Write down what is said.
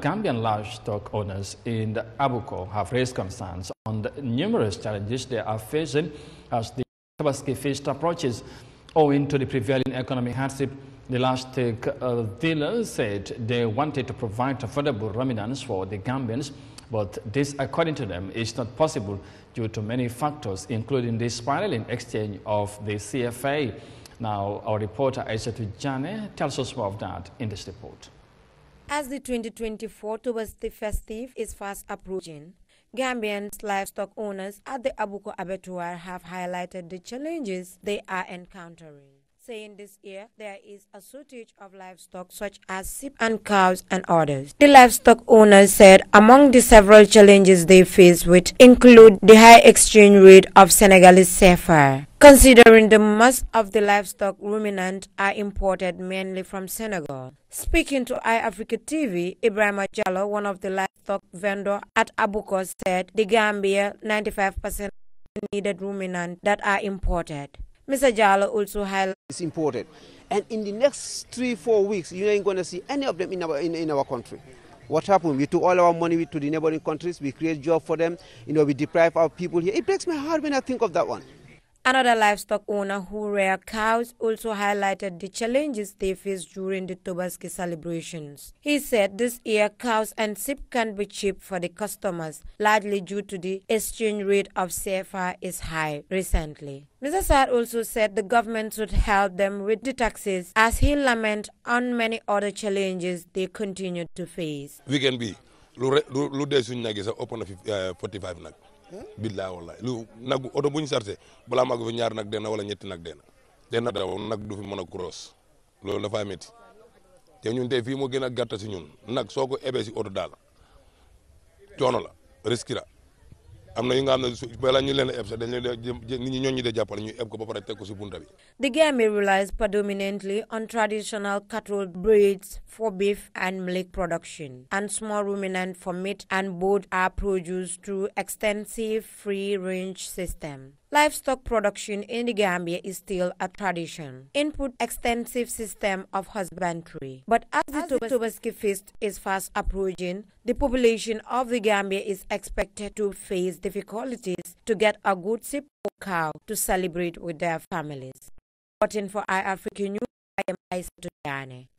Gambian large stock owners in Abuko have raised concerns on the numerous challenges they are facing as the Tabaski feast approaches. Owing to the prevailing economic hardship, the livestock uh, dealers said they wanted to provide affordable ruminants for the Gambians, but this, according to them, is not possible due to many factors, including the spiraling exchange of the CFA. Now, our reporter Isaac Tujane tells us more of that in this report. As the 2024 Tobasti festive is fast approaching, Gambian livestock owners at the Abuko Abattoir have highlighted the challenges they are encountering saying this year there is a shortage of livestock such as sheep and cows and others. The livestock owners said among the several challenges they face which include the high exchange rate of Senegalese sefer. Considering the most of the livestock ruminant are imported mainly from Senegal. Speaking to iAfrica TV, Ibrahim Jallo, one of the livestock vendor at Abuko, said the Gambia 95% needed ruminant that are imported. Mr. Jallo also highlighted is imported. And in the next three, four weeks, you ain't going to see any of them in our, in, in our country. What happened? We took all our money to the neighboring countries. We create jobs for them. You know, we deprive our people here. It breaks my heart when I think of that one. Another livestock owner who rear cows also highlighted the challenges they face during the Tobaski celebrations. He said this year cows and sheep can not be cheap for the customers, largely due to the exchange rate of CFA is high recently. Mr. Saad also said the government should help them with the taxes as he lament on many other challenges they continue to face. We can be. lu na eh, 45 billaay wallaay lu nagu oto bu ñu sarte balaa maa ko fi ñaar nag dee na wala ñetti nag dee na dee na nag du fi mën a cross loolu dafa métti te ñun tey fii moo gën a gàtt si ñun nag soo ko ebee si oto daal coono la risque la The game relies predominantly on traditional cattle breeds for beef and milk production, and small ruminant for meat, and both are produced through extensive free-range system livestock production in the Gambia is still a tradition. Input extensive system of husbandry. But as, the Tobaski feast is fast approaching, the population of the Gambia is expected to face difficulties to get a good Sipo cow to celebrate with their families. Reporting for iAfrican News, I am Isa Tudjane.